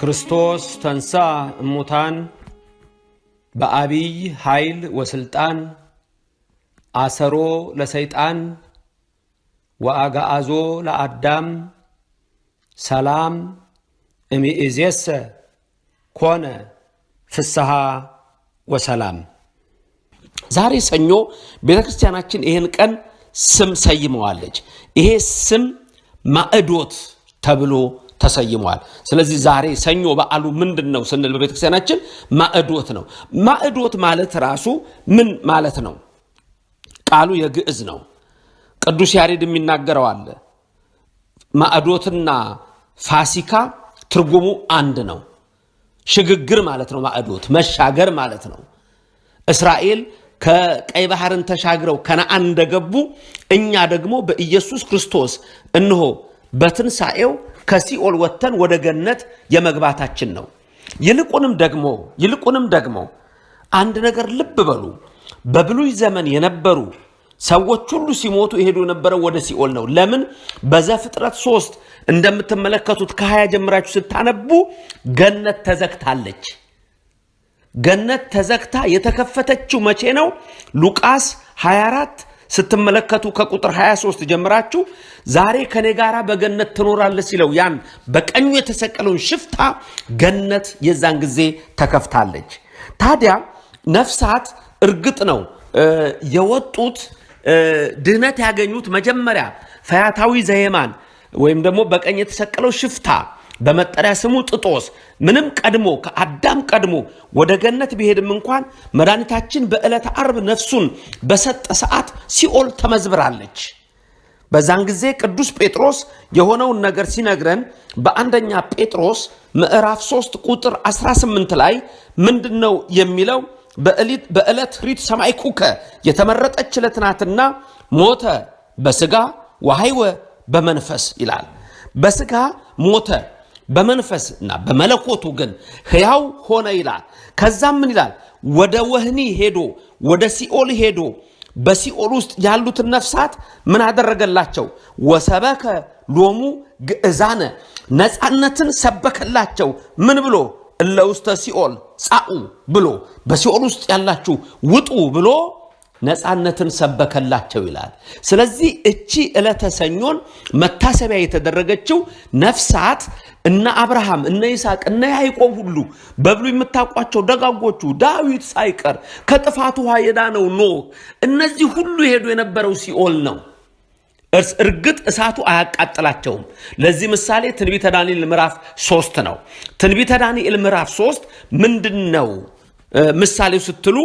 ክርስቶስ ተንሳ እሙታን በአቢይ ኃይል ወስልጣን አሰሮ ለሰይጣን ወአጋአዞ ለአዳም ሰላም እምይእዜሰ ኮነ ፍስሐ ወሰላም። ዛሬ ሰኞ ቤተ ክርስቲያናችን ይህን ቀን ስም ሰይመዋለች። ይሄ ስም ማዕዶት ተብሎ ተሰይመዋል። ስለዚህ ዛሬ ሰኞ በዓሉ ምንድን ነው ስንል በቤተክርስቲያናችን ማዕዶት ነው። ማዕዶት ማለት ራሱ ምን ማለት ነው? ቃሉ የግዕዝ ነው። ቅዱስ ያሬድ የሚናገረው አለ። ማዕዶትና ፋሲካ ትርጉሙ አንድ ነው። ሽግግር ማለት ነው። ማዕዶት መሻገር ማለት ነው። እስራኤል ከቀይ ባህርን ተሻግረው ከነአን እንደገቡ እኛ ደግሞ በኢየሱስ ክርስቶስ እንሆ በትንሣኤው ከሲኦል ወጥተን ወደ ገነት የመግባታችን ነው። ይልቁንም ደግሞ ይልቁንም ደግሞ አንድ ነገር ልብ በሉ። በብሉይ ዘመን የነበሩ ሰዎች ሁሉ ሲሞቱ ይሄዱ የነበረው ወደ ሲኦል ነው። ለምን? በዘፍጥረት ሶስት እንደምትመለከቱት ከሀያ ጀምራችሁ ስታነቡ ገነት ተዘግታለች። ገነት ተዘግታ የተከፈተችው መቼ ነው? ሉቃስ 24 ስትመለከቱ ከቁጥር 23 ጀምራችሁ ዛሬ ከኔ ጋራ በገነት ትኖራለህ ሲለው ያን በቀኙ የተሰቀለውን ሽፍታ ገነት የዛን ጊዜ ተከፍታለች። ታዲያ ነፍሳት እርግጥ ነው የወጡት ድህነት ያገኙት መጀመሪያ ፈያታዊ ዘየማን ወይም ደግሞ በቀኝ የተሰቀለው ሽፍታ በመጠሪያ ስሙ ጥጦስ ምንም ቀድሞ ከአዳም ቀድሞ ወደ ገነት ቢሄድም እንኳን መድኃኒታችን በዕለተ አርብ ነፍሱን በሰጠ ሰዓት ሲኦል ተመዝብራለች። በዛን ጊዜ ቅዱስ ጴጥሮስ የሆነውን ነገር ሲነግረን በአንደኛ ጴጥሮስ ምዕራፍ 3 ቁጥር 18 ላይ ምንድን ነው የሚለው? በዕለት ሪት ሰማይ ኩከ የተመረጠች ዕለት ናትና ሞተ በስጋ ወሐይወ በመንፈስ ይላል። በስጋ ሞተ በመንፈስ እና በመለኮቱ ግን ሕያው ሆነ ይላል። ከዛም ምን ይላል? ወደ ወህኒ ሄዶ ወደ ሲኦል ሄዶ በሲኦል ውስጥ ያሉትን ነፍሳት ምን አደረገላቸው? ወሰበከ ሎሙ ግእዛነ ነፃነትን ሰበከላቸው። ምን ብሎ እለ ውስተ ሲኦል ጻኡ ብሎ በሲኦል ውስጥ ያላችሁ ውጡ ብሎ ነፃነትን ሰበከላቸው ይላል። ስለዚህ እቺ ዕለተ ሰኞን መታሰቢያ የተደረገችው ነፍሳት እነ አብርሃም፣ እነ ይስሐቅ፣ እነ ያዕቆብ ሁሉ በብሉ የምታውቋቸው ደጋጎቹ ዳዊት ሳይቀር ከጥፋት ውሃ የዳነው ኖህ፣ እነዚህ ሁሉ የሄዱ የነበረው ሲኦል ነው። እርግጥ እሳቱ አያቃጥላቸውም። ለዚህ ምሳሌ ትንቢተ ዳንኤል ምዕራፍ ሶስት ነው። ትንቢተ ዳንኤል ምዕራፍ ሶስት ምንድን ነው ምሳሌው ስትሉ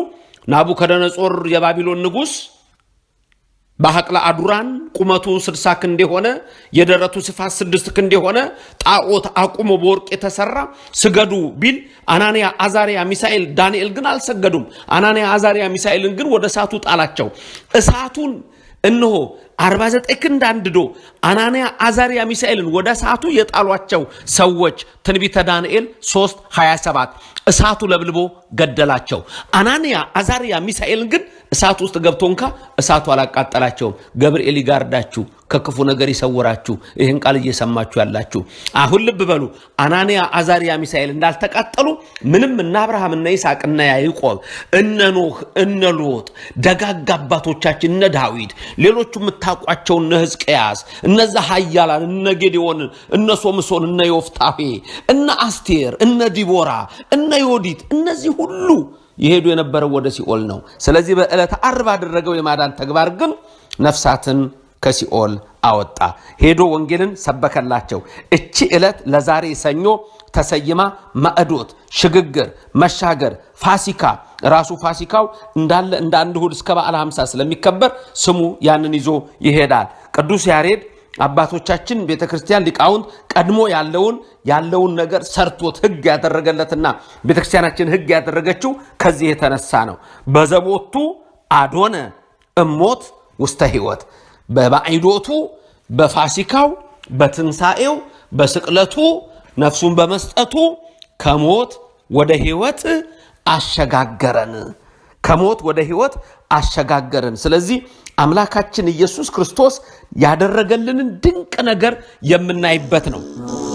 ናቡከደነጾር የባቢሎን ንጉሥ በሐቅላ አዱራን ቁመቱ ስድሳ ክንድ የሆነ የደረቱ ስፋት ስድስት ክንድ የሆነ ጣዖት አቁሞ በወርቅ የተሰራ ስገዱ ቢል አናንያ፣ አዛሪያ፣ ሚሳኤል፣ ዳንኤል ግን አልሰገዱም። አናንያ፣ አዛሪያ፣ ሚሳኤልን ግን ወደ እሳቱ ጣላቸው። እሳቱን እነሆ 49 ክንድ አንድዶ አናንያ አዛሪያ ሚሳኤልን ወደ እሳቱ የጣሏቸው ሰዎች ትንቢተ ዳንኤል 3 27 እሳቱ ለብልቦ ገደላቸው። አናንያ አዛሪያ ሚሳኤልን ግን እሳት ውስጥ ገብቶ እንካ እሳቱ አላቃጠላቸውም። ገብርኤል ይጋርዳችሁ፣ ከክፉ ነገር ይሰውራችሁ። ይህን ቃል እየሰማችሁ ያላችሁ አሁን ልብ በሉ። አናንያ አዛሪያ ሚሳኤል እንዳልተቃጠሉ ምንም እነ አብርሃም እነ ይስሐቅ እነ ያዕቆብ እነ ኖህ እነ ሎጥ ደጋግ አባቶቻችን እነ ዳዊት ሌሎቹ የምታውቋቸው እነ ሕዝቅያስ፣ እነዛ ኃያላን እነ ጌዴዎን፣ እነ ሶምሶን፣ እነ ዮፍታፌ፣ እነ አስቴር፣ እነ ዲቦራ፣ እነ ዮዲት እነዚህ ሁሉ የሄዱ የነበረው ወደ ሲኦል ነው። ስለዚህ በዕለተ ዓርብ አደረገው የማዳን ተግባር ግን ነፍሳትን ከሲኦል አወጣ። ሄዶ ወንጌልን ሰበከላቸው። እቺ ዕለት ለዛሬ ሰኞ ተሰይማ ማዕዶት፣ ሽግግር፣ መሻገር፣ ፋሲካ ራሱ ፋሲካው እንዳለ እንደ አንድ እሁድ እስከ በዓለ ሃምሳ ስለሚከበር ስሙ ያንን ይዞ ይሄዳል። ቅዱስ ያሬድ አባቶቻችን ቤተ ክርስቲያን ሊቃውንት ቀድሞ ያለውን ያለውን ነገር ሰርቶት ሕግ ያደረገለትና ቤተ ክርስቲያናችን ሕግ ያደረገችው ከዚህ የተነሳ ነው። በዘቦቱ አዶነ እሞት ውስተ ሕይወት በባዕዶቱ በፋሲካው በትንሣኤው በስቅለቱ ነፍሱን በመስጠቱ ከሞት ወደ ሕይወት አሸጋገረን፣ ከሞት ወደ ህይወት አሸጋገረን። ስለዚህ አምላካችን ኢየሱስ ክርስቶስ ያደረገልንን ድንቅ ነገር የምናይበት ነው።